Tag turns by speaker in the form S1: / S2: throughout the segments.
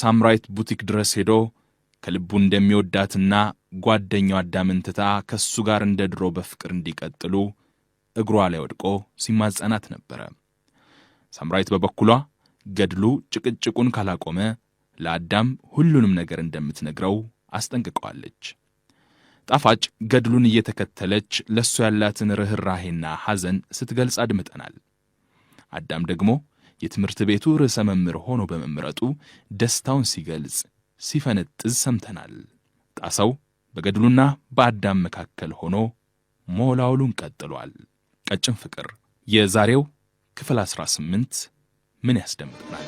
S1: ሳምራይት ቡቲክ ድረስ ሄዶ ከልቡ እንደሚወዳትና ጓደኛው አዳምን ትታ ከእሱ ጋር እንደ ድሮ በፍቅር እንዲቀጥሉ እግሯ ላይ ወድቆ ሲማጸናት ነበረ። ሳምራይት በበኩሏ ገድሉ ጭቅጭቁን ካላቆመ ለአዳም ሁሉንም ነገር እንደምትነግረው አስጠንቅቀዋለች። ጣፋጭ ገድሉን እየተከተለች ለእሱ ያላትን ርኅራሄና ሐዘን ስትገልጽ አድምጠናል። አዳም ደግሞ የትምህርት ቤቱ ርዕሰ መምህር ሆኖ በመምረጡ ደስታውን ሲገልጽ ሲፈነጥዝ ሰምተናል። ጣሰው በገድሉና በአዳም መካከል ሆኖ ሞላውሉን ቀጥሏል። ቀጭን ፍቅር የዛሬው ክፍል 18 ምን ያስደምጠናል?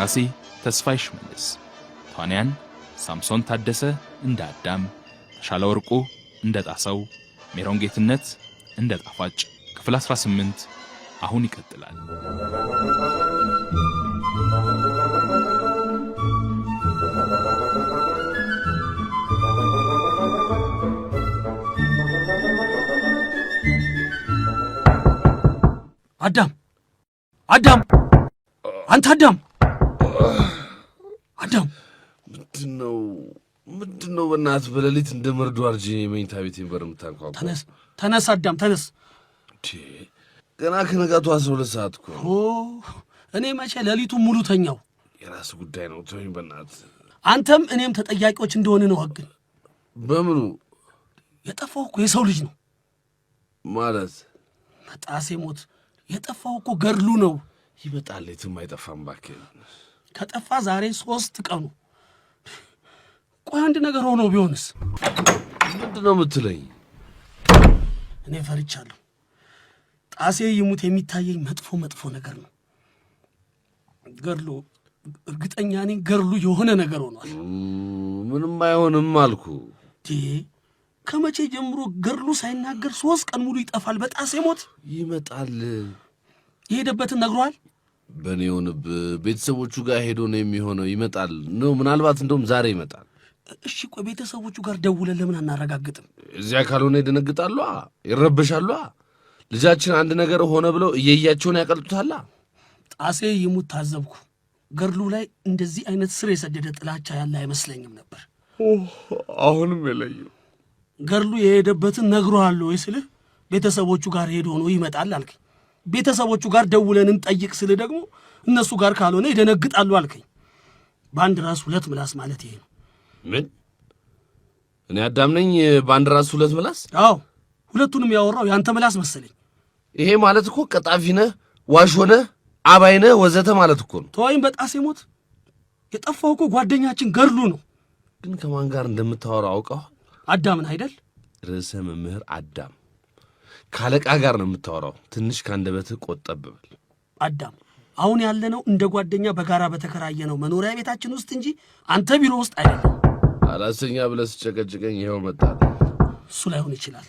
S1: ራሴ ተስፋ ይሽመልስ፣ ተዋንያን ሳምሶን ታደሰ እንደ አዳም ወርቁ እንደ ጣሰው፣ ሜሮን ጌትነት እንደ ጣፋጭ ክፍል 18 አሁን ይቀጥላል።
S2: አዳም አዳም፣ አንተ አዳም አዳም፣
S3: ምንድን ነው ምንድን ነው በእናትህ በሌሊት እንደ መርዶ አርጂ መኝታ ቤቴን በር የምታንኳኳ?
S2: ተነስ ተነስ፣ አዳም ተነስ።
S3: ገና ከነጋቱ አስራ ሁለት ሰዓት እኮ።
S2: እኔ መቼ ሌሊቱን ሙሉ ተኛው?
S3: የራስ ጉዳይ ነው ተወኝ በእናትህ።
S2: አንተም እኔም ተጠያቂዎች እንደሆነ ነው። ህግን በምኑ የጠፋው እኮ የሰው ልጅ ነው ማለት መጣሴ ሞት የጠፋው እኮ ገድሉ ነው።
S3: ይመጣል የትም አይጠፋም። እባክህ
S2: ከጠፋ ዛሬ ሶስት ቀኑ ቆይ አንድ ነገር ሆኖ ቢሆንስ?
S3: ምንድን ነው የምትለኝ?
S2: እኔ ፈርቻለሁ። ጣሴ ይሙት የሚታየኝ መጥፎ መጥፎ ነገር ነው። ገድሎ እርግጠኛ ነኝ ገድሉ የሆነ ነገር ሆኗል።
S3: ምንም አይሆንም አልኩ።
S2: ከመቼ ጀምሮ ገድሉ ሳይናገር ሶስት ቀን ሙሉ ይጠፋል። በጣሴ ሞት ይመጣል። የሄደበትን ነግሯል።
S3: በእኔ ሆንብ ቤተሰቦቹ ጋር ሄዶ ነው የሚሆነው። ይመጣል ነው ምናልባት እንደውም ዛሬ ይመጣል።
S2: እሺ ቆይ ቤተሰቦቹ ጋር ደውለን ለምን አናረጋግጥም?
S3: እዚያ ካልሆነ ይደነግጣሉ፣ ይረበሻሉ። ልጃችን አንድ ነገር ሆነ ብለው እየያቸውን ያቀልጡታላ።
S2: ጣሴ ይሙት ታዘብኩ። ገድሉ ላይ እንደዚህ አይነት ስር የሰደደ ጥላቻ ያለ አይመስለኝም ነበር።
S3: አሁንም የለዩ
S2: ገድሉ የሄደበትን ነግሮሃል ወይ ስልህ ቤተሰቦቹ ጋር ሄዶ ሆኖ ይመጣል አልከኝ። ቤተሰቦቹ ጋር ደውለን ጠይቅ ስልህ ደግሞ እነሱ ጋር ካልሆነ ይደነግጣሉ አልከኝ። በአንድ ራስ ሁለት ምላስ ማለት ይሄ ነው።
S3: ምን እኔ አዳም ነኝ? በአንድ ራስ ሁለት ምላስ?
S2: አዎ ሁለቱንም ያወራው የአንተ ምላስ መሰለኝ።
S3: ይሄ ማለት እኮ ቀጣፊ ነህ፣ ዋሽ ሆነህ፣ አባይ ነህ ወዘተ ማለት እኮ ነው።
S2: ተዋይም በጣሴ ሞት የጠፋው እኮ ጓደኛችን ገድሉ ነው።
S3: ግን ከማን ጋር እንደምታወራው አውቀው? አዳምን አይደል? ርዕሰ መምህር አዳም ከአለቃ ጋር ነው የምታወራው። ትንሽ ከአንደበትህ ቆጠብ በል
S2: አዳም። አሁን ያለነው እንደ ጓደኛ በጋራ በተከራየነው መኖሪያ ቤታችን ውስጥ እንጂ አንተ ቢሮ ውስጥ አይደለም።
S3: አላስተኛ ብለህ ስጨቀጭቀኝ ይኸው መጣ።
S2: እሱ ላይሆን ይችላል፣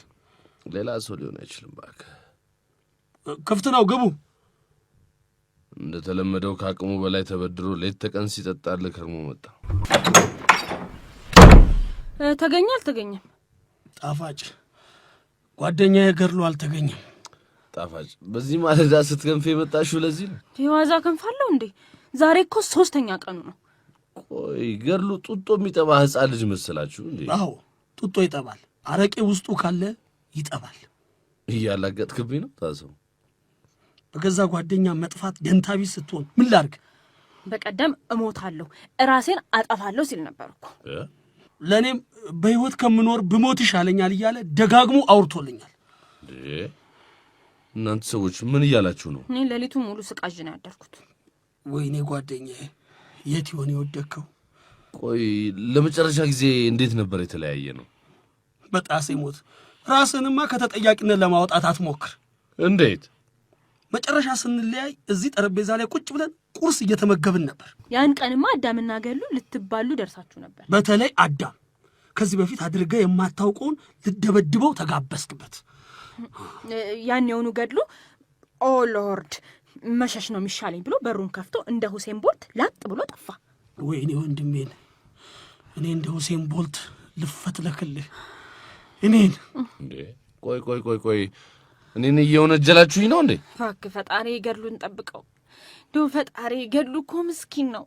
S3: ሌላ ሰው ሊሆን አይችልም። እባክህ ክፍት ነው፣ ግቡ። እንደተለመደው ከአቅሙ በላይ ተበድሮ ሌት ተቀን ሲጠጣል ከርሞ መጣ።
S4: ተገኘ አልተገኘም?
S2: ጣፋጭ ጓደኛዬ ገድሎ አልተገኘም።
S3: ጣፋጭ በዚህ ማለዳ ስትገንፍ የመጣሽው ለዚህ ነው?
S4: የዋዛ ክንፍ እንዴ? ዛሬ እኮ ሶስተኛ ቀኑ ነው።
S3: ገድሉ ጡጦ የሚጠባ ህፃን ልጅ መሰላችሁ እንዴ?
S2: አዎ ጡጦ ይጠባል። አረቄ ውስጡ ካለ ይጠባል።
S3: እያላገጥክብኝ ነው ታሰው።
S2: በገዛ ጓደኛ መጥፋት ደንታቢ ስትሆን ምን ላርግ?
S4: በቀደም እሞታለሁ እራሴን አጠፋለሁ ሲል ነበር እኮ።
S2: ለእኔም በህይወት ከምኖር ብሞት ይሻለኛል እያለ ደጋግሞ አውርቶልኛል።
S3: እናንተ ሰዎች ምን እያላችሁ ነው?
S4: እኔ ሌሊቱ ሙሉ ስቃዥ ነው ያደርኩት።
S2: ወይኔ ጓደኛዬ የት ይሆን የወደከው!
S3: ቆይ ለመጨረሻ ጊዜ እንዴት ነበር የተለያየ ነው?
S2: በጣሴ ሞት። ራስንማ ከተጠያቂነት ለማውጣት አትሞክር። እንዴት? መጨረሻ ስንለያይ እዚህ ጠረጴዛ ላይ ቁጭ ብለን ቁርስ እየተመገብን ነበር።
S4: ያን ቀንማ አዳምና ገሉ ልትባሉ ደርሳችሁ ነበር።
S2: በተለይ አዳም ከዚህ በፊት አድርገ የማታውቀውን ልደበድበው ተጋበስክበት።
S4: ያን የሆኑ ገድሉ ኦ ሎርድ መሸሽ ነው የሚሻለኝ ብሎ በሩን ከፍቶ እንደ ሁሴን ቦልት ላጥ ብሎ ጠፋ።
S2: ወይኔ ወንድሜን፣ እኔ እንደ ሁሴን ቦልት ልፈትለክልህ እኔን።
S3: ቆይ ቆይ ቆይ ቆይ እኔን እየወነጀላችሁኝ ነው እንዴ?
S4: እባክህ ፈጣሪ ገድሉን ጠብቀው። እንደው ፈጣሪ ገድሉ እኮ ምስኪን ነው።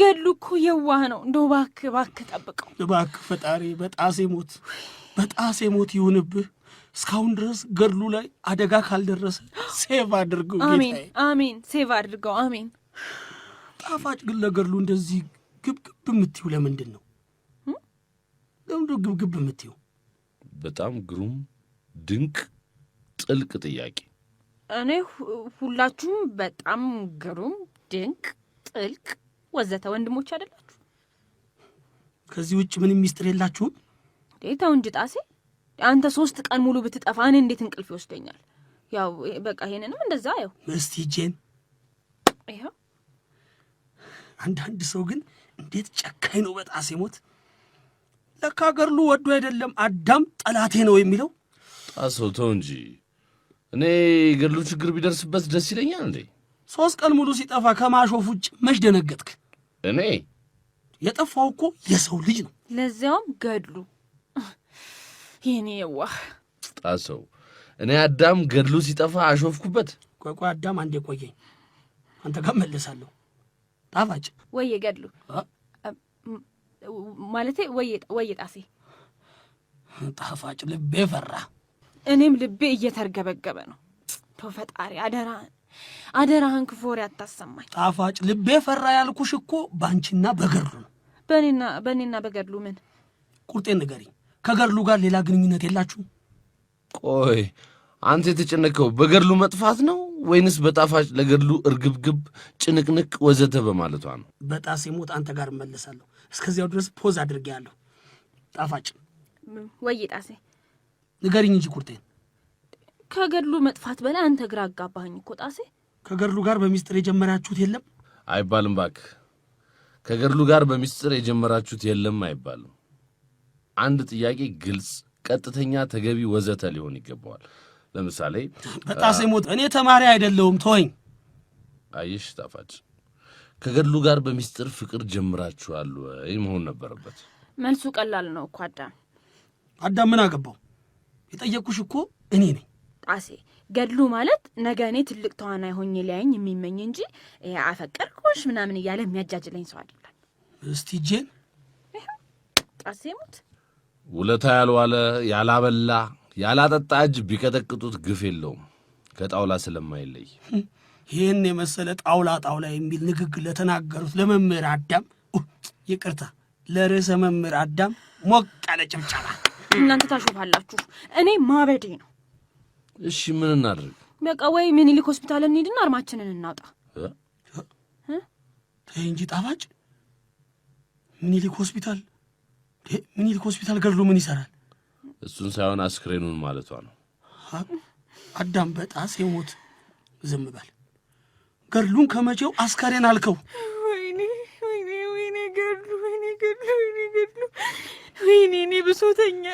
S4: ገድሉ እኮ የዋህ ነው። እንደው እባክህ እባክህ ጠብቀው
S2: እባክህ ፈጣሪ። በጣሴ ሞት በጣሴ ሞት ይሁንብህ እስካሁን ድረስ ገድሉ ላይ አደጋ ካልደረሰ ሴቭ አድርገው።
S4: አሜን አሜን፣ ሴቭ አድርገው። አሜን።
S2: ጣፋጭ ግን ለገድሉ እንደዚህ ግብግብ የምትይው ለምንድን ነው? ለምንድ ግብግብ የምትይው?
S3: በጣም ግሩም ድንቅ ጥልቅ ጥያቄ።
S4: እኔ ሁላችሁም በጣም ግሩም ድንቅ ጥልቅ ወዘተ ወንድሞች አይደላችሁ?
S2: ከዚህ ውጭ ምንም ሚስጥር የላችሁም?
S4: ተው እንጂ ጣሴ አንተ ሶስት ቀን ሙሉ ብትጠፋ እኔ እንዴት እንቅልፍ ይወስደኛል? ያው በቃ ይሄንንም እንደዛ ያው
S2: መስቲ ጄን ይኸው። አንዳንድ ሰው ግን እንዴት ጨካኝ ነው! በጣሴ ሞት ለካ ገርሉ ወዶ አይደለም አዳም ጠላቴ ነው የሚለው።
S3: ጣሰው ተው እንጂ እኔ ገሉ ችግር ቢደርስበት ደስ ይለኛል እንዴ?
S2: ሶስት ቀን ሙሉ ሲጠፋ ከማሾፍ ውጭ መች ደነገጥክ? እኔ የጠፋው እኮ የሰው ልጅ ነው፣
S4: ለዚያውም ገድሉ የኔ የዋህ
S3: ጣሰው፣ እኔ አዳም ገድሉ ሲጠፋ አሾፍኩበት።
S2: ቆይ ቆይ አዳም አንዴ ቆየኝ፣ አንተ ጋር መለሳለሁ። ጣፋጭ
S4: ወይ ገድሉ ማለቴ ወየ ጣሴ
S2: ጣፋጭ፣ ልቤ ፈራ፣
S4: እኔም ልቤ እየተርገበገበ ነው። ቶ ፈጣሪ አደራህን አደራህን፣ ክፉ ወሬ አታሰማኝ።
S2: ጣፋጭ፣ ልቤ ፈራ ያልኩሽ እኮ በአንቺና በገድሉ ነው።
S4: በእኔና በእኔና በገድሉ ምን
S2: ቁርጤን ንገሪኝ። ከገድሉ ጋር ሌላ ግንኙነት የላችሁ
S3: ቆይ አንተ የተጨነቀው በገድሉ መጥፋት ነው ወይንስ በጣፋጭ ለገድሉ እርግብግብ፣ ጭንቅንቅ፣ ወዘተ በማለቷ ነው?
S2: በጣሴ ሞት አንተ ጋር እመለሳለሁ። እስከዚያው ድረስ ፖዝ አድርጌያለሁ። ጣፋጭ ወይ ጣሴ ንገሪኝ እንጂ ቁርጤን።
S4: ከገድሉ መጥፋት በላይ አንተ ግራ አጋባህኝ እኮ ጣሴ።
S2: ከገድሉ ጋር በሚስጥር የጀመራችሁት የለም
S3: አይባልም። እባክህ ከገድሉ ጋር በሚስጥር የጀመራችሁት የለም አይባልም። አንድ ጥያቄ ግልጽ፣ ቀጥተኛ፣ ተገቢ ወዘተ ሊሆን ይገባዋል። ለምሳሌ
S2: በጣሴ ሞት እኔ ተማሪ አይደለሁም ተወኝ።
S3: አየሽ ጣፋጭ ከገድሉ ጋር በሚስጥር ፍቅር ጀምራችኋል ወይ መሆን ነበረበት።
S4: መልሱ ቀላል ነው እኮ አዳም።
S2: አዳም ምን አገባው? የጠየቅኩሽ እኮ እኔ ነኝ
S4: ጣሴ። ገድሉ ማለት ነገ እኔ ትልቅ ተዋናይ ሆኜ ሊያየኝ የሚመኝ እንጂ አፈቀርኩሽ ምናምን እያለ የሚያጃጅለኝ ሰው አይደለም። እስቲ ጄን ጣሴ ሙት
S3: ውለታ ያልዋለ ያላበላ ያላጠጣ እጅ ቢቀጠቅጡት ግፍ የለውም ከጣውላ ስለማይለይ።
S2: ይህን የመሰለ ጣውላ ጣውላ የሚል ንግግር ለተናገሩት ለመምህር አዳም ይቅርታ፣ ለርዕሰ መምህር አዳም ሞቅ ያለ ጭብጨባ።
S4: እናንተ ታሾፋላችሁ፣ እኔ ማበዴ ነው።
S3: እሺ ምን እናድርግ?
S4: በቃ ወይ ምኒልክ ሆስፒታል እንሂድና አርማችንን እናውጣ።
S2: ተይ እንጂ ጣፋጭ ምኒልክ ሆስፒታል ምኒልክ ሆስፒታል ገድሎ ምን ይሰራል?
S3: እሱን ሳይሆን አስክሬኑን ማለቷ ነው።
S2: አዳም በጣም የሞት ዝም በል። ገድሉን ከመቼው አስከሬን አልከው?
S4: ወይኔ ወይኔ ወይኔ ገድሉ ወይኔ ገድሉ ወይኔ ገድሉ ወይኔ እኔ ብሶተኛ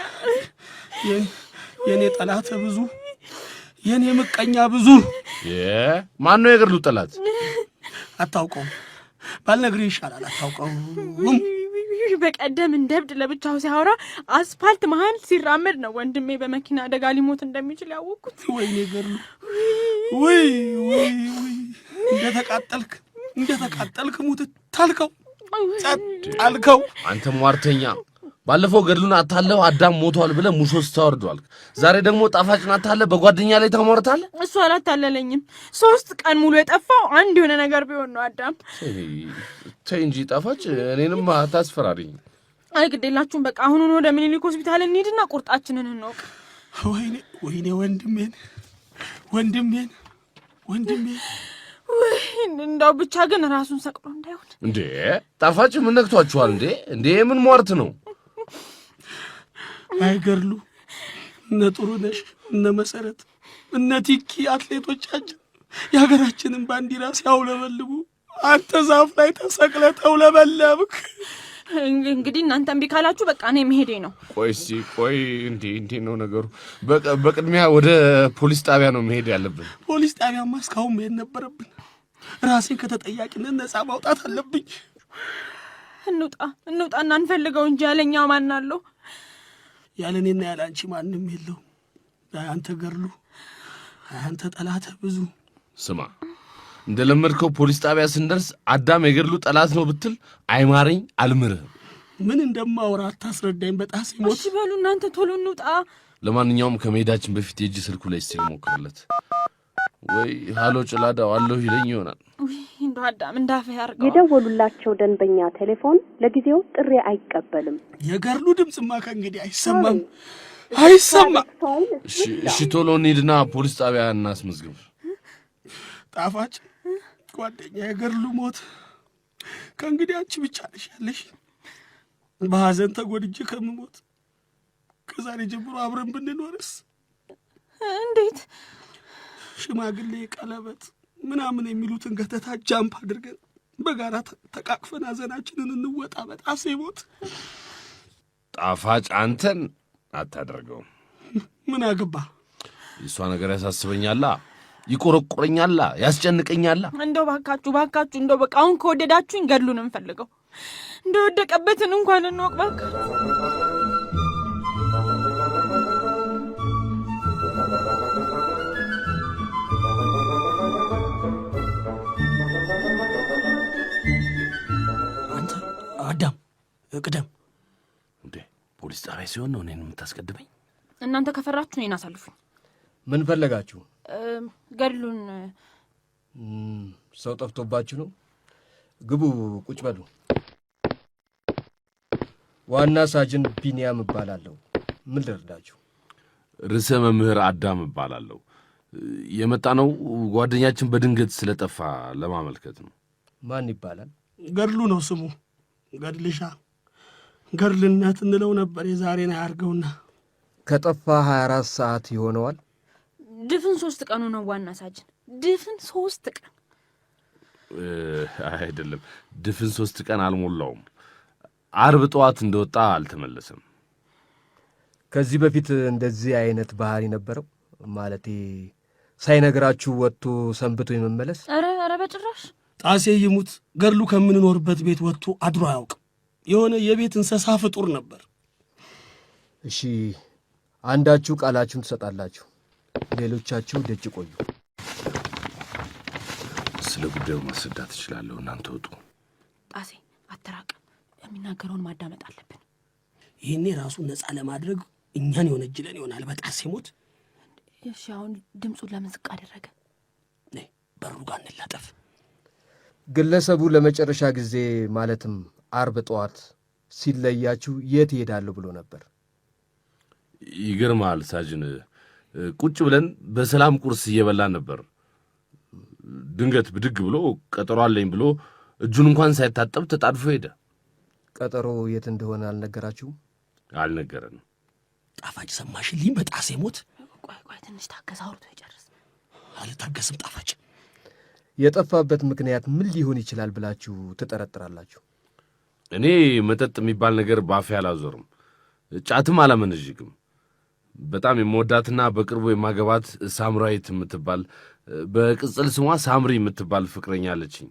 S2: የእኔ ጠላት ብዙ የእኔ ምቀኛ ብዙ።
S3: ማን ነው የገድሉ ጠላት?
S2: አታውቀውም። ባልነግርህ ይሻላል። አታውቀውም
S4: አብርሽ በቀደም እንደ እብድ ለብቻው ሲያወራ አስፋልት መሀል ሲራመድ ነው ወንድሜ በመኪና አደጋ ሊሞት እንደሚችል ያወቅኩት።
S2: ወይኔ ገርሉ፣ ወይ ወይ ወይ፣ እንደተቃጠልክ እንደተቃጠልክ ሙት ታልከው ጸጥ አልከው።
S3: አንተ ሟርተኛ ባለፈው ገድሉን አታለው አዳም ሞቷል ብለ ሙሾ ስታወርዷል። ዛሬ ደግሞ ጣፋጭን አታለ በጓደኛ ላይ ታሟርታለህ።
S4: እሱ አላታለለኝም። ሶስት ቀን ሙሉ የጠፋው አንድ የሆነ ነገር ቢሆን ነው። አዳም
S3: ተይ እንጂ ጣፋጭ፣ እኔንም አታስፈራሪኝ።
S4: አይ ግዴላችሁን፣ በቃ አሁኑን ወደ ምኒልክ ሆስፒታል እንሂድና ቁርጣችንን እንወቅ።
S2: ወይኔ ወይኔ፣ ወንድሜን ወንድሜን ወንድሜን
S4: ወይ እንዳው ብቻ ግን ራሱን ሰቅሎ እንዳይሆን
S3: እንዴ። ጣፋጭ ምን ነግቷችኋል እንዴ? እንዴ ምን ሟርት ነው
S2: አይገርሉ እነ ጥሩነሽ እነ መሰረት እነ ቲኪ አትሌቶቻችን የሀገራችንን ባንዲራ ሲያውለበልቡ አንተ ዛፍ ላይ ተሰቅለህ ተውለበለብክ።
S4: እንግዲህ እናንተ እምቢ ካላችሁ በቃ እኔ መሄዴ ነው።
S3: ቆይ እስኪ ቆይ፣ እንዴ እንዴ ነው ነገሩ? በቅድሚያ ወደ ፖሊስ ጣቢያ ነው መሄድ ያለብን።
S2: ፖሊስ ጣቢያማ እስካሁን መሄድ ነበረብን። ራሴን ከተጠያቂነት ነጻ ማውጣት አለብኝ።
S4: እንውጣ እንውጣ እናንፈልገው እንጂ ያለኛው ማን አለው?
S2: ያለ እኔና ያለ አንቺ ማንም የለው። አንተ ገርሉ፣ አንተ ጠላተ ብዙ።
S3: ስማ እንደ ለመድከው ፖሊስ ጣቢያ ስንደርስ አዳም የገድሉ ጠላት ነው ብትል አይማረኝ አልምርህም።
S2: ምን እንደማወራ አታስረዳኝ። በጣም ሲሞት እሺ
S4: በሉ እናንተ ቶሎ እንውጣ።
S3: ለማንኛውም ከመሄዳችን በፊት የእጅ ስልኩ ላይ ስትል ሞክርለት። ወይ ሀሎ ጭላዳው አለሁ ይለኝ ይሆናል።
S4: እንደ አዳም እንዳፈ ያርገው።
S5: የደወሉላቸው ደንበኛ ቴሌፎን ለጊዜው ጥሪ አይቀበልም።
S2: የገርሉ ድምፅማ ከእንግዲህ አይሰማም አይሰማም።
S3: እሺ ቶሎ እንሂድና ፖሊስ ጣቢያ እናስመዝግብ።
S2: ጣፋጭ ጓደኛ የገርሉ ሞት ከእንግዲህ አንቺ ብቻ ነሽ ያለሽ። በሐዘን ተጎድጄ ከምሞት ከዛሬ ጀምሮ አብረን ብንኖርስ እንዴት ሽማግሌ፣ ቀለበት ምናምን የሚሉትን ገተታ ጃምፕ አድርገን በጋራ ተቃቅፈን ሀዘናችንን እንወጣ። በጣሴ ሞት
S3: ጣፋጭ አንተን አታደርገውም። ምን አግባ የእሷ ነገር ያሳስበኛላ፣ ይቆረቆረኛላ፣ ያስጨንቀኛላ።
S4: እንደው ባካችሁ ባካችሁ፣ እንደው በቃ አሁን ከወደዳችሁኝ ገድሉን እንፈልገው እንደወደቀበትን እንኳን እንወቅ
S2: ቅደም።
S3: እንዴ ፖሊስ ጣቢያ ሲሆን ነው እኔን የምታስቀድመኝ?
S4: እናንተ ከፈራችሁ እኔን አሳልፉኝ።
S3: ምን ፈለጋችሁ? ገድሉን። ሰው ጠፍቶባችሁ ነው? ግቡ፣ ቁጭ በሉ። ዋና ሳጅን ቢንያም እባላለሁ። ምን ልርዳችሁ? ርዕሰ መምህር አዳም እባላለሁ። የመጣ ነው ጓደኛችን በድንገት ስለጠፋ ለማመልከት ነው። ማን ይባላል?
S2: ገድሉ ነው ስሙ። ገድልሻ ገርልነት እንለው ነበር። የዛሬን አያርገውና
S3: ከጠፋ 24 ሰዓት ይሆነዋል።
S4: ድፍን ሶስት ቀኑ ነው ዋና ሳጅን፣ ድፍን ሶስት ቀን
S3: አይደለም፣ ድፍን ሶስት ቀን አልሞላውም። አርብ ጠዋት እንደወጣ አልተመለሰም። ከዚህ በፊት እንደዚህ አይነት ባህሪ ነበረው? ማለቴ ሳይነግራችሁ ወጥቶ ሰንብቶ የመመለስ?
S4: ኧረ ኧረ በጭራሽ።
S2: ጣሴ ይሙት ገድሉ ከምንኖርበት ቤት ወጥቶ አድሮ አያውቅም። የሆነ የቤት እንስሳ ፍጡር ነበር።
S3: እሺ፣ አንዳችሁ ቃላችሁን ትሰጣላችሁ፣ ሌሎቻችሁ ደጅ ቆዩ። ስለ ጉዳዩ ማስረዳት እችላለሁ፣ እናንተ ወጡ።
S4: ጣሴ አተራቀ የሚናገረውን ማዳመጥ አለብን።
S2: ይህኔ ራሱ ነፃ ለማድረግ እኛን የወነጅለን ይሆናል በጣሴ ሞት።
S4: እሺ፣ አሁን ድምፁን ለምን ዝቅ አደረገ?
S2: በሩ ጋር እንላጠፍ።
S3: ግለሰቡ ለመጨረሻ ጊዜ ማለትም አርብ ጠዋት ሲለያችሁ የት ይሄዳሉ ብሎ ነበር። ይገርማል ሳጅን፣ ቁጭ ብለን በሰላም ቁርስ እየበላን ነበር። ድንገት ብድግ ብሎ ቀጠሮ አለኝ ብሎ እጁን እንኳን ሳይታጠብ ተጣድፎ ሄደ። ቀጠሮ የት እንደሆነ አልነገራችሁም? አልነገረንም።
S2: ጣፋጭ ሰማሽ? በጣሴ ሞት።
S4: ቆይ ቆይ ትንሽ ታገዝ፣ አውርቶ ይጨርስ።
S2: አልታገስም ጣፋጭ።
S3: የጠፋበት ምክንያት ምን ሊሆን ይችላል ብላችሁ ትጠረጥራላችሁ? እኔ መጠጥ የሚባል ነገር ባፌ አላዞርም፣ ጫትም አላመነዥግም። በጣም የምወዳትና በቅርቡ የማገባት ሳምራዊት የምትባል በቅጽል ስሟ ሳምሪ የምትባል ፍቅረኛ አለችኝ።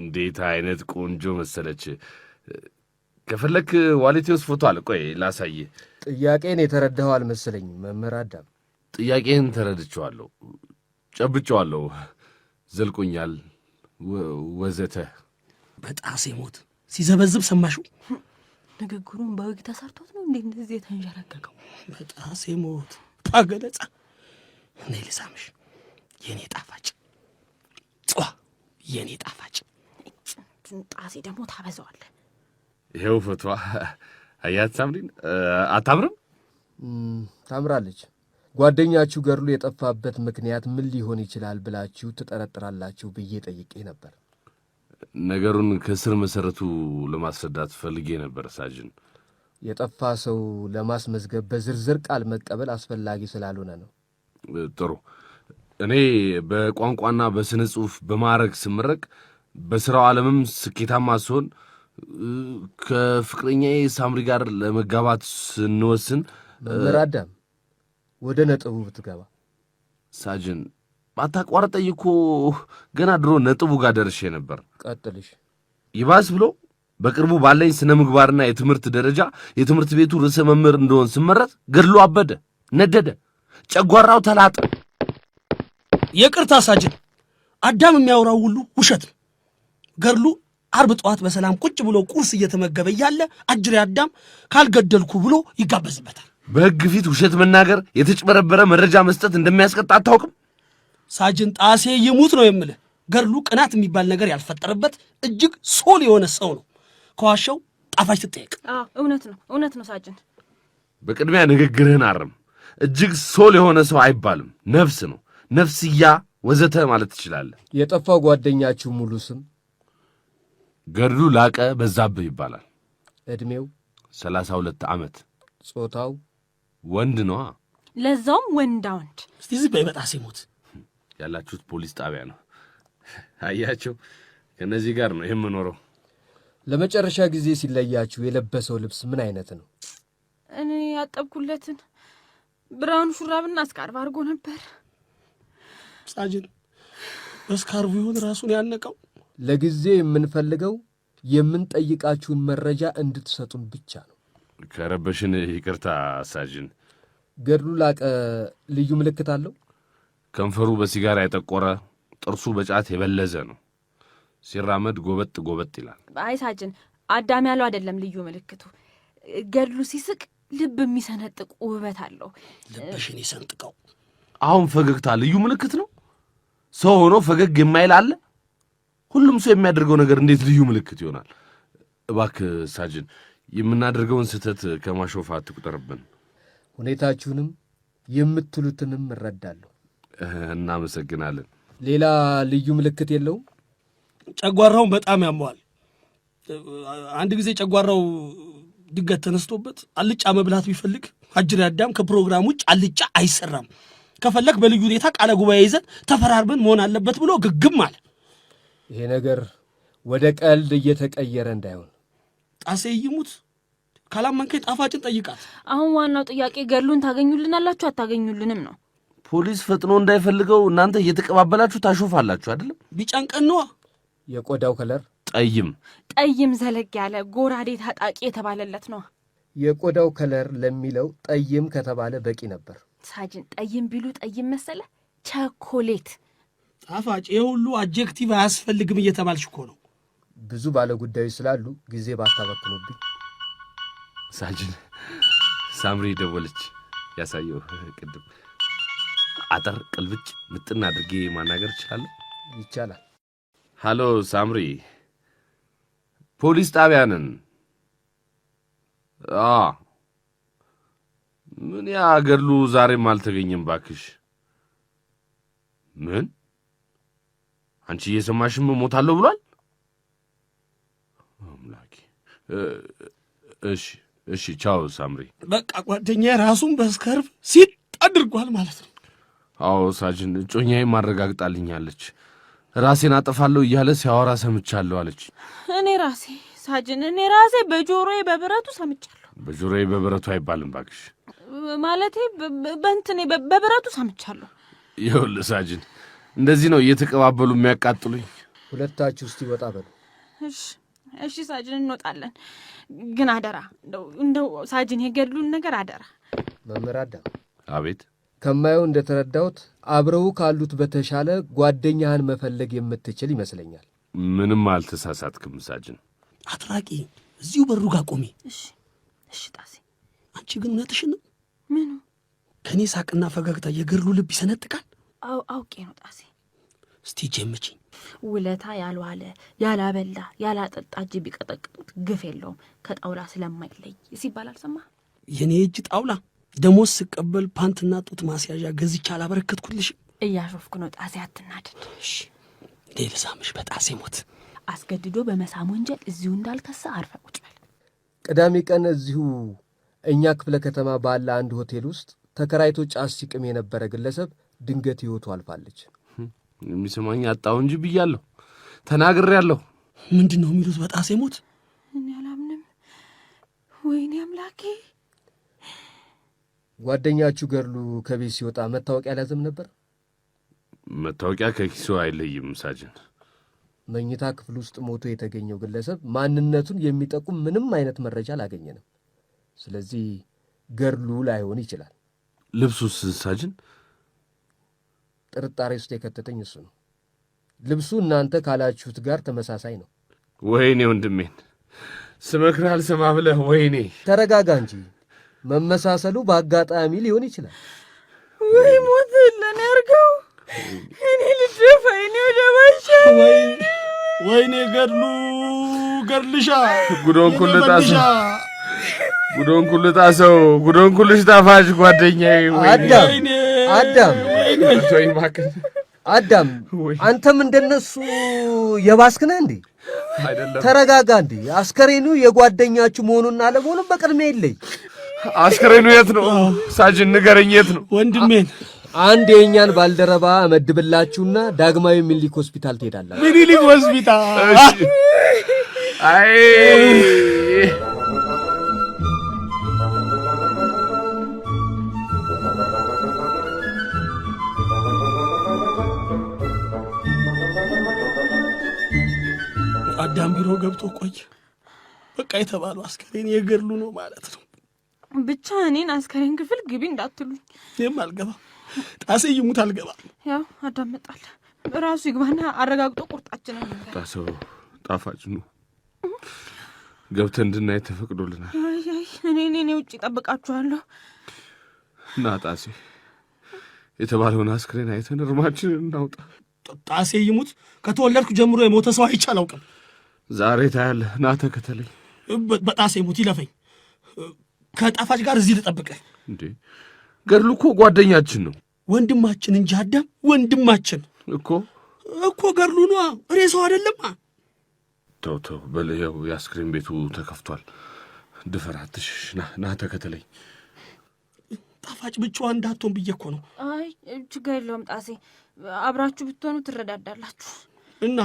S3: እንዴት አይነት ቆንጆ መሰለች! ከፈለክ ዋሌቴውስ ፎቶ አለ፣ ቆይ ላሳይህ። ጥያቄን የተረዳኸው አልመሰለኝም መምህር አዳም። ጥያቄን ተረድቼዋለሁ፣ ጨብጨዋለሁ፣ ዘልቆኛል፣ ወዘተ
S2: በጣሴ ሞት ሲዘበዝብ ሰማሽው?
S4: ንግግሩን በውግ ተሰርቶት ነው እንዴ እንደዚህ የተንዠረገገው?
S2: በጣሴ ሞት ባገለጻ እኔ ልሳምሽ የእኔ ጣፋጭ ጿ የእኔ ጣፋጭ
S4: ጣሴ ደግሞ ታበዛዋለ።
S3: ይኸው ፍቷ አያት ሳምሪን አታምርም? ታምራለች። ጓደኛችሁ ገድሉ የጠፋበት ምክንያት ምን ሊሆን ይችላል ብላችሁ ትጠረጥራላችሁ ብዬ ጠይቄ ነበር። ነገሩን ከስር መሰረቱ ለማስረዳት ፈልጌ ነበር ሳጅን። የጠፋ ሰው ለማስመዝገብ በዝርዝር ቃል መቀበል አስፈላጊ ስላልሆነ ነው። ጥሩ። እኔ በቋንቋና በሥነ ጽሑፍ በማዕረግ ስመረቅ፣ በሥራው ዓለምም ስኬታማ ስሆን፣ ከፍቅረኛዬ ሳምሪ ጋር ለመጋባት ስንወስን መምህር አዳም ወደ ነጥቡ ብትገባ። ሳጅን ባታቋርጠኝ እኮ ገና ድሮ ነጥቡ ጋር ደርሼ ነበር። ቀጥልሽ ይባስ ብሎ በቅርቡ ባለኝ ስነ ምግባርና የትምህርት ደረጃ የትምህርት ቤቱ ርዕሰ መምህር እንደሆን ስመረጥ ገድሎ አበደ፣ ነደደ፣ ጨጓራው ተላጠ።
S2: የቅርታ ሳጅን፣ አዳም የሚያወራው ሁሉ ውሸት ነው። ገድሉ አርብ ጠዋት በሰላም ቁጭ ብሎ ቁርስ እየተመገበ እያለ አጅሬ አዳም ካልገደልኩ ብሎ ይጋበዝበታል።
S3: በሕግ ፊት ውሸት መናገር፣ የተጭበረበረ መረጃ መስጠት እንደሚያስቀጣ አታውቅም?
S2: ሳጅን፣ ጣሴ ይሙት ነው የምልህ ገድሉ ቅናት የሚባል ነገር ያልፈጠረበት እጅግ ሶል የሆነ ሰው ነው። ከዋሻው ጣፋጭ ትጠየቅ።
S4: እውነት ነው፣ እውነት ነው። ሳጭን፣
S3: በቅድሚያ ንግግርህን አርም። እጅግ ሶል የሆነ ሰው አይባልም፣ ነፍስ ነው፣ ነፍስያ ወዘተ ማለት ትችላለህ። የጠፋው ጓደኛችሁ ሙሉ ስም ገድሉ ላቀ በዛብህ ይባላል። ዕድሜው ሰላሳ ሁለት ዓመት። ጾታው ወንድ ነዋ፣
S4: ለዛውም ወንዳ ወንድ። እስቲ
S2: ዝም በይ። በጣሴ ሞት
S3: ያላችሁት ፖሊስ ጣቢያ ነው። አያችሁ፣ ከእነዚህ ጋር ነው የምኖረው። ለመጨረሻ ጊዜ ሲለያችሁ የለበሰው ልብስ ምን አይነት ነው?
S4: እኔ ያጠብኩለትን ብራውን ሹራብና እስካርብ አድርጎ ነበር።
S2: ጻጅን በስካርቡ ይሆን ራሱን ያነቀው?
S3: ለጊዜ የምንፈልገው የምንጠይቃችሁን መረጃ እንድትሰጡን ብቻ ነው። ከረበሽን ይቅርታ ሳጅን። ገድሉ ላቀ ልዩ ምልክት አለው። ከንፈሩ በሲጋራ የጠቆረ ጥርሱ በጫት የበለዘ ነው። ሲራመድ ጎበጥ ጎበጥ ይላል።
S4: አይ ሳጅን አዳም ያለው አይደለም ልዩ ምልክቱ። ገድሉ ሲስቅ ልብ የሚሰነጥቅ ውበት አለው።
S2: ልብሽን ይሰንጥቀው።
S3: አሁን ፈገግታ ልዩ ምልክት ነው። ሰው ሆኖ ፈገግ የማይል አለ? ሁሉም ሰው የሚያደርገው ነገር እንዴት ልዩ ምልክት ይሆናል? እባክህ ሳጅን የምናደርገውን ስህተት ከማሾፍ አትቁጠርብን። ሁኔታችሁንም የምትሉትንም እረዳለሁ። እናመሰግናለን። ሌላ ልዩ ምልክት የለውም።
S2: ጨጓራውን በጣም ያመዋል። አንድ ጊዜ ጨጓራው ድንገት ተነስቶበት አልጫ መብላት ቢፈልግ አጅር ያዳም ከፕሮግራም ውጭ አልጫ አይሰራም። ከፈለግ በልዩ ሁኔታ ቃለ ጉባኤ ይዘን ተፈራርበን መሆን አለበት ብሎ ግግም አለ።
S3: ይሄ ነገር ወደ ቀልድ እየተቀየረ እንዳይሆን
S2: ጣሴ ይሙት ካላመንከኝ ጣፋጭን ጠይቃት።
S4: አሁን ዋናው ጥያቄ ገድሉን ታገኙልናላችሁ አታገኙልንም ነው።
S3: ፖሊስ ፈጥኖ እንዳይፈልገው እናንተ እየተቀባበላችሁ ታሾፋላችሁ አይደለም? ቢጫን ቀኗ የቆዳው ከለር ጠይም
S4: ጠይም ዘለግ ያለ ጎራዴ ታጣቂ የተባለለት ነው።
S3: የቆዳው ከለር ለሚለው ጠይም ከተባለ በቂ ነበር።
S4: ሳጅን ጠይም ቢሉ ጠይም መሰለ ቸኮሌት
S2: ጣፋጭ። ይህ ሁሉ አጀክቲቭ አያስፈልግም እየተባልሽ እኮ ነው።
S3: ብዙ ባለ ጉዳዮች ስላሉ ጊዜ ባታበክኑብኝ። ሳጅን ሳምሪ ደወለች። ያሳየው ቅድም አጠር ቅልብጭ ምጥን አድርጌ ማናገር እችላለሁ? ይቻላል። ሃሎ ሳምሪ፣ ፖሊስ ጣቢያንን ምን ያ ገድሉ ዛሬም አልተገኘም ባክሽ። ምን አንቺ እየሰማሽም እሞታለሁ ብሏል? አምላኬ። እሺ እሺ፣ ቻው ሳምሪ።
S2: በቃ ጓደኛ ራሱን በስከርፍ ሲጥ አድርጓል ማለት ነው።
S3: አዎ ሳጅን እጮኛዬ ማረጋግጣልኛለች። ራሴን አጠፋለሁ እያለ ሲያወራ ሰምቻለሁ አለች።
S4: እኔ ራሴ ሳጅን፣ እኔ ራሴ በጆሮዬ በብረቱ ሰምቻለሁ።
S3: በጆሮዬ በብረቱ አይባልም ባክሽ፣
S4: ማለቴ በእንትኔ በብረቱ ሰምቻለሁ።
S3: ይኸውልህ ሳጅን፣ እንደዚህ ነው እየተቀባበሉ የሚያቃጥሉኝ። ሁለታችሁ ውስጥ ይወጣ በሉ።
S4: እሺ እሺ ሳጅን፣ እንወጣለን። ግን አደራ እንደው ሳጅን፣ የገድሉን ነገር አደራ።
S3: መምህር አዳም። አቤት ከማየው እንደተረዳሁት አብረው ካሉት በተሻለ ጓደኛህን መፈለግ የምትችል ይመስለኛል። ምንም አልተሳሳትክም። ሳጅን
S2: አትራቂ፣ እዚሁ በሩ ጋር ቆሜ። እሺ፣ እሺ። ጣሴ፣ አንቺ ግን እውነትሽን ነው? ምኑ? ከእኔ ሳቅና ፈገግታ የግሩ ልብ ይሰነጥቃል።
S4: አውቄ ነው ጣሴ።
S2: እስቲ ጀምችኝ።
S4: ውለታ ያልዋለ ያላበላ ያላጠጣ እጅ ቢቀጠቅጡት ግፍ የለውም ከጣውላ ስለማይለይ ሲባል አልሰማህ?
S2: የእኔ እጅ ጣውላ ደሞዝ ስቀበል ፓንትና ጡት ማስያዣ ገዝቼ አላበረከትኩልሽ።
S4: እያሾፍኩ ነው። ጣሴ አትናደድ።
S2: ልሳምሽ በጣሴ ሞት።
S4: አስገድዶ በመሳም ወንጀል እዚሁ እንዳልከሳ አርፈ ቁጭ በል።
S3: ቅዳሜ ቀን እዚሁ እኛ ክፍለ ከተማ ባለ አንድ ሆቴል ውስጥ ተከራይቶ ጫስ ሲቅም የነበረ ግለሰብ ድንገት ሕይወቱ አልፋለች። የሚሰማኝ አጣሁ እንጂ ብያለሁ፣ ተናግሬያለሁ።
S2: ምንድን ነው የሚሉት? በጣሴ ሞት
S4: እኔ አላምንም። ወይኔ አምላኬ
S3: ጓደኛችሁ ገድሉ ከቤት ሲወጣ መታወቂያ አልያዘም ነበር? መታወቂያ ከኪሱ አይለይም ሳጅን። መኝታ ክፍል ውስጥ ሞቶ የተገኘው ግለሰብ ማንነቱን የሚጠቁም ምንም አይነት መረጃ አላገኘንም። ስለዚህ ገድሉ ላይሆን ይችላል። ልብሱስ ሳጅን? ጥርጣሬ ውስጥ የከተተኝ እሱ ነው። ልብሱ እናንተ ካላችሁት ጋር ተመሳሳይ ነው። ወይኔ ወንድሜን ስመክርህ አልሰማ ብለህ ወይኔ። ተረጋጋ እንጂ መመሳሰሉ በአጋጣሚ ሊሆን ይችላል።
S4: ወይ ሞት ለን ያርገው እኔ ልደፋ እኔ ወደባሽ
S2: ወይኔ ገድሉ ገድልሻ
S3: ጉዶን ኩልጣሰ ጉዶን ኩልጣሰው ጉዶን ኩልሽ ጣፋጭ ጓደኛዬ
S2: አዳም አዳም አዳም አንተም እንደነሱ የባስክነ እንዴ? ተረጋጋ እንዴ። አስከሬኑ የጓደኛችሁ መሆኑና አለመሆኑም በቅድሚያ የለይ
S3: አስከሬኑ የት ነው? ሳጅን ንገረኝ፣ የት ነው ወንድሜን? አንድ የእኛን ባልደረባ መድብላችሁና ዳግማዊ ሚኒሊክ ሆስፒታል ትሄዳላችሁ።
S2: ሚኒሊክ ሆስፒታል። አይ አዳም ቢሮ ገብቶ ቆይ። በቃ የተባለው አስከሬን የገድሉ ነው ማለት ነው። ብቻ እኔን አስከሬን ክፍል ግቢ እንዳትሉኝ። ይህም አልገባ ጣሴ ይሙት አልገባ። ያው አዳመጣል ራሱ ይግባና አረጋግጦ ቁርጣችንን ጣሰው ጣፋጭ ነው ገብተን እንድናይ ተፈቅዶልናል። እኔ እኔ ውጭ ይጠብቃችኋለሁ። እና ጣሴ የተባለውን አስክሬን አይተን እርማችንን እናውጣ። ጣሴ ይሙት ከተወለድኩ ጀምሮ የሞተ ሰው አይቼ አላውቅም። ዛሬ ታያለህ። ና ተከተለኝ። በጣሴ ይሙት ይለፈኝ። ከጣፋጭ ጋር እዚህ ልጠብቅህ። እንዴ ገድሉ እኮ ጓደኛችን ነው ወንድማችን እንጂ አዳም ወንድማችን እኮ እኮ ገድሉ ኗ እኔ ሰው አይደለማ። ተው ተው በል ያው የአስክሬን ቤቱ ተከፍቷል። ድፈር፣ አትሽሽ። ና ተከተለኝ። ጣፋጭ ብቻዋን እንዳትሆን ብዬ እኮ ነው። አይ ችግር የለውም ጣሴ፣ አብራችሁ ብትሆኑ ትረዳዳላችሁ። እና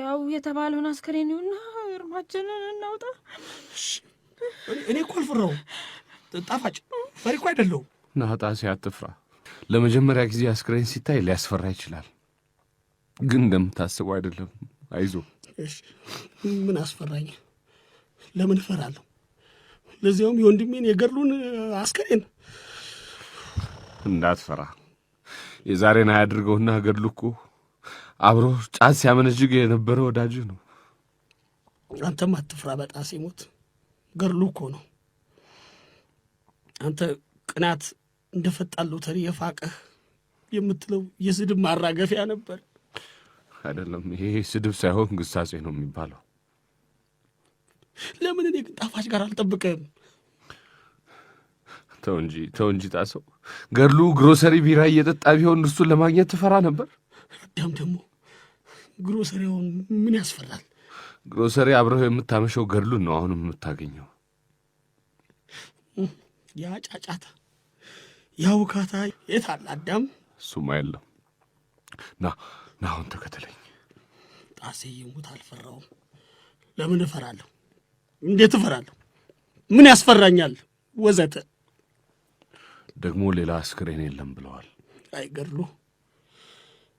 S2: ያው የተባለውን አስክሬን ይሁና፣ እርማችንን እናውጣ። እኔ እኮ አልፈራሁም። ጣፋጭ ፈሪ እኮ አይደለሁም። ናጣሴ አትፍራ። ለመጀመሪያ ጊዜ አስክሬን ሲታይ ሊያስፈራ ይችላል፣ ግን እንደምታስበው አይደለም። አይዞ። ምን አስፈራኝ? ለምን እፈራለሁ? ለዚያውም የወንድሜን የገድሉን አስክሬን። እንዳትፈራ። የዛሬን አያድርገውና ገድሉ እኮ አብሮ ጫት ሲያመነጅግ የነበረ ወዳጅህ ነው። አንተም አትፍራ በጣሴ ሞት ገድሉ እኮ ነው። አንተ ቅናት እንደ ፈጣን ሎተሪ የፋቀህ የምትለው የስድብ ማራገፊያ ነበር አይደለም? ይሄ ስድብ ሳይሆን ግሳጼ ነው የሚባለው። ለምን እኔ ግን ጣፋጭ ጋር አልጠብቀም? ተው እንጂ ተው እንጂ ጣሰው። ገድሉ ግሮሰሪ ቢራ እየጠጣ ቢሆን እርሱን ለማግኘት ትፈራ ነበር። አዳም ደግሞ ግሮሰሪውን ምን ያስፈራል? ግሮሰሪ አብረው የምታመሸው ገድሉን ነው አሁንም የምታገኘው። ያ ጫጫታ፣ ያ ውካታ የት አለ አዳም? እሱማ የለም። ና ና፣ አሁን ተከተለኝ። ጣሴ ይሙት አልፈራውም። ለምን እፈራለሁ? እንዴት እፈራለሁ? ምን ያስፈራኛል? ወዘተ ደግሞ ሌላ አስክሬን የለም ብለዋል። አይገድሉ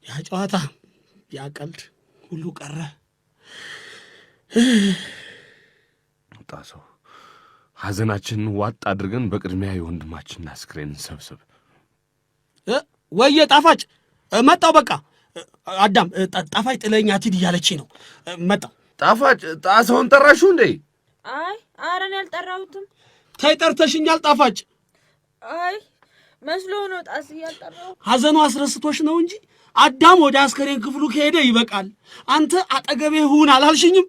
S2: ያ ጨዋታ፣ ያ ቀልድ ሁሉ ቀረ። ጣሰው፣ ሐዘናችንን ዋጥ አድርገን በቅድሚያ የወንድማችንን አስክሬን እንሰብስብ። ወየ ጣፋጭ መጣው። በቃ አዳም፣ ጣፋጭ ጥለኛ ቲድ እያለች ነው። መጣው። ጣፋጭ ጣሰውን ጠራሹ እንዴ? አይ አረን ያልጠራሁትም። ተይ ጠርተሽኛል ጣፋጭ። አይ መስሎ ነው ጣስ እያልጠራሁ። ሐዘኑ አስረስቶሽ ነው እንጂ አዳም ወደ አስከሬን ክፍሉ ከሄደ ይበቃል። አንተ አጠገቤ ሁን አላልሽኝም?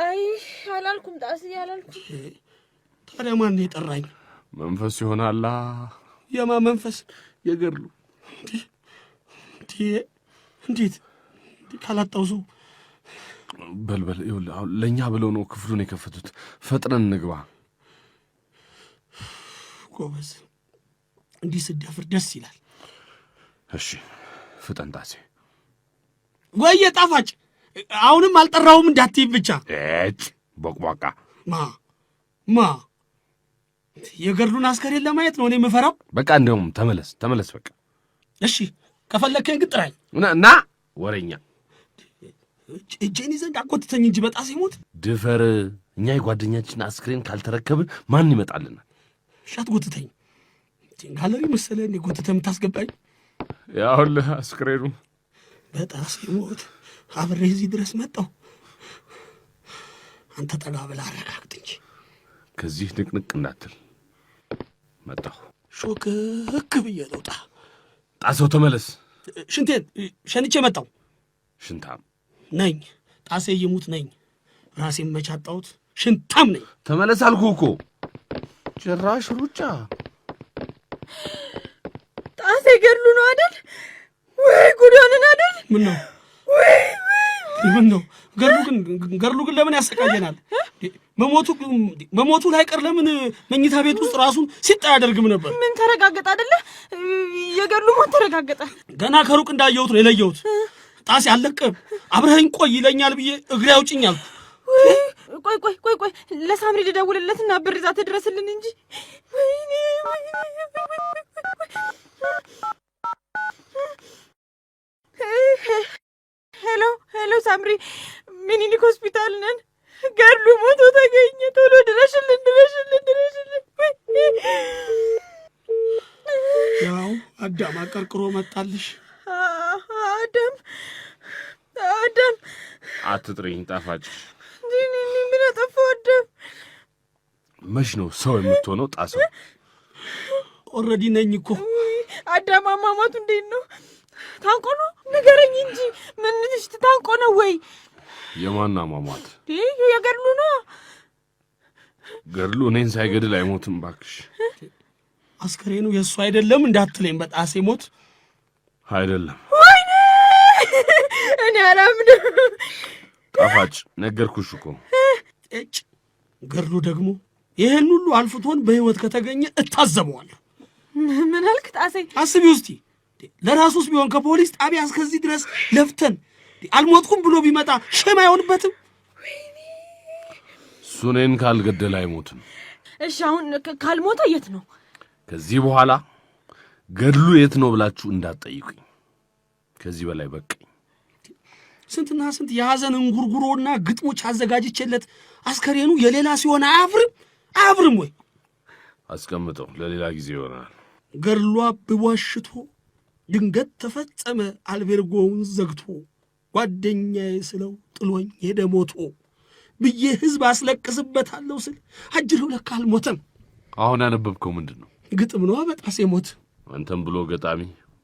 S2: አይ አላልኩም፣ ጣስ አላልኩም። ታዲያ ማን የጠራኝ? መንፈስ ይሆናላ። የማ መንፈስ? የገድሉ እንዴት ካላጣው ሰው በልበል። ይኸውልህ ለእኛ ብለው ነው ክፍሉን የከፈቱት። ፈጥነን እንግባ። ጎበዝ፣ እንዲህ ስደፍር ደስ ይላል። እሺ፣ ፍጠን ጣሴ። ጣፋጭ አሁንም አልጠራውም እንዳትይብ ብቻ እጭ ቦቅቧቃ ማ ማ የገድሉን አስከሬን ለማየት ነው እኔ የምፈራው። በቃ እንደውም ተመለስ ተመለስ። በቃ እሺ ከፈለግከኝ ግን ጥራኝ እና ወሬኛ እጄን ይዘን አጎትተኝ እንጂ በጣ ሲሞት ድፈር። እኛ የጓደኛችን አስክሬን ካልተረከብን ማን ይመጣልናል? እሺ አትጎትተኝ። ጋለሪ መሰለህ ጎትተህ የምታስገባኝ? ያሁን አስክሬኑ በጣ ሲሞት አብሬ እዚህ ድረስ መጣሁ። አንተ ጠጋ ብለህ አረጋግጥ እንጂ ከዚህ ንቅንቅ እንዳትል። መጣሁ። ሾክ ህክ ብዬ ለውጣ ጣሰው ተመለስ። ሽንቴን ሸንቼ መጣሁ። ሽንታም ነኝ። ጣሴ ይሙት ነኝ። ራሴን መቻጣሁት ሽንታም ነኝ። ተመለስ አልኩ እኮ ጭራሽ ሩጫ። ጣሴ ገድሉ ነው አደል? ወይ ጉዳንን አደል? ምን ነው ምነው ግን ለምን ያሰቃየናል? መሞቱ ላይ ቀር ለምን መኝታ ቤት ውስጥ ራሱን ሲጣ ያደርግም ነበር? ምን ተረጋገጠ አይደለ? የገድሉ ሞት ተረጋገጠ። ገና ከሩቅ እንዳየሁት ነው የለየሁት። ጣሴ አለቀም። አብረኸኝ ቆይ ይለኛል ብዬ እግሬ አውጭኛል። ቆይ ቆይ ቆይ ቆይ ለሳምሪ ልደውልለትና ብር ይዛ ትድረስልን እንጂ ሄሎ ሄሎ፣ ሳምሪ ሚኒሊክ ሆስፒታል ነን። ገድሉ ሞቶ ተገኘ። ቶሎ ድረሽልን፣ ድረሽልን፣ ድረሽልን። ያው አዳም አቀርቅሮ መጣልሽ። አዳም አዳም፣ አትጥሪኝ ጣፋጭ። ምን አጠፋሁ አዳም? መች ነው ሰው የምትሆነው? ጣሰው ኦልሬዲ ነኝ እኮ አዳም። አሟሟቱ እንዴት ነው? ታንቆ ነው ንገረኝ እንጂ ምንትሽ ታንቆ ነው ወይ? የማን አሟሟት? የገድሉ ነው። ገድሉ እኔን ሳይገድል አይሞትም ባክሽ። አስከሬኑ የእሱ አይደለም እንዳትለኝ በጣሴ ሞት አይደለም። ወይኔ እኔ አላምንም። ጣፋጭ ነገርኩሽ እኮ ጭ ገድሉ ደግሞ ይህን ሁሉ አልፍቶን በህይወት ከተገኘ እታዘበዋለሁ። ምን አልክ ጣሴ? አስቢ ውስቲ ለራሱስ ቢሆን ከፖሊስ ጣቢያ እስከዚህ ድረስ ለፍተን አልሞትኩም ብሎ ቢመጣ ሸም አይሆንበትም? እሱ እኔን ካልገደለ አይሞትም። እሺ አሁን ካልሞተ የት ነው? ከዚህ በኋላ ገድሉ የት ነው ብላችሁ እንዳትጠይቁኝ። ከዚህ በላይ በቃኝ። ስንትና ስንት የሐዘን እንጉርጉሮና ግጥሞች አዘጋጅቼለት አስከሬኑ የሌላ ሲሆን አያፍርም አያፍርም ወይ? አስቀምጠው፣ ለሌላ ጊዜ ይሆናል። ገድሏ ብቧሽቶ ድንገት ተፈጸመ አልቤርጎውን ዘግቶ ጓደኛዬ ስለው ጥሎኝ ሄደ ሞቶ ብዬ ህዝብ አስለቅስበታለሁ ስል አጅሬው ለካ አልሞተም። አሁን ያነበብከው ምንድን ነው? ግጥም ነው በጣሴ ሞት አንተም ብሎ ገጣሚ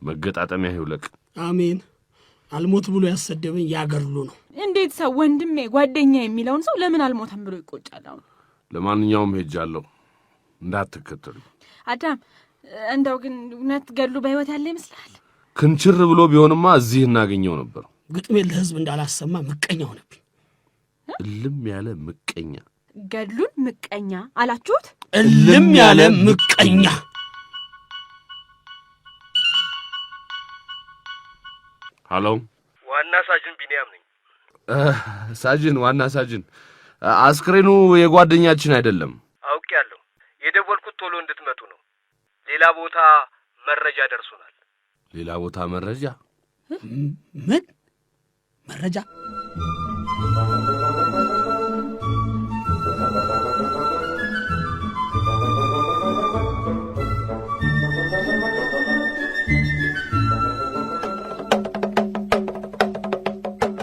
S2: መገጣጠሚያ ይውለቅ። አሜን አልሞት ብሎ ያሰደበኝ ያገርሉ ነው። እንዴት ሰው ወንድሜ ጓደኛ የሚለውን ሰው ለምን አልሞተም ብሎ ይቆጫል? አሁን ለማንኛውም ሄጃለሁ እንዳትከተሉ አዳም እንደው ግን እውነት ገሉ በህይወት ያለ ይመስላል? ክንችር ብሎ ቢሆንማ እዚህ እናገኘው ነበር። ግጥሜን ለህዝብ እንዳላሰማ ምቀኛ ሆነብኝ። እልም ያለ ምቀኛ። ገድሉን ምቀኛ አላችሁት? እልም ያለ ምቀኛ። ሀሎ፣ ዋና ሳጅን ቢንያም ነኝ። ሳጅን፣ ዋና ሳጅን፣ አስክሬኑ የጓደኛችን አይደለም። አውቄያለሁ። የደወልኩት ቶሎ እንድትመጡ ነው። ሌላ ቦታ መረጃ ደርሶናል። ሌላ ቦታ መረጃ? ምን መረጃ?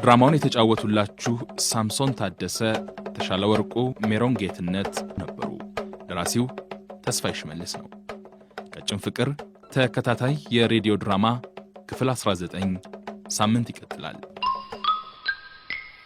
S2: ድራማውን የተጫወቱላችሁ ሳምሶን ታደሰ፣ ተሻለ ወርቁ፣ ሜሮን ጌትነት ነበሩ። ደራሲው ተስፋ ይሽመልስ ነው። ቀጭን ፍቅር ተከታታይ የሬዲዮ ድራማ ክፍል 19 ሳምንት ይቀጥላል።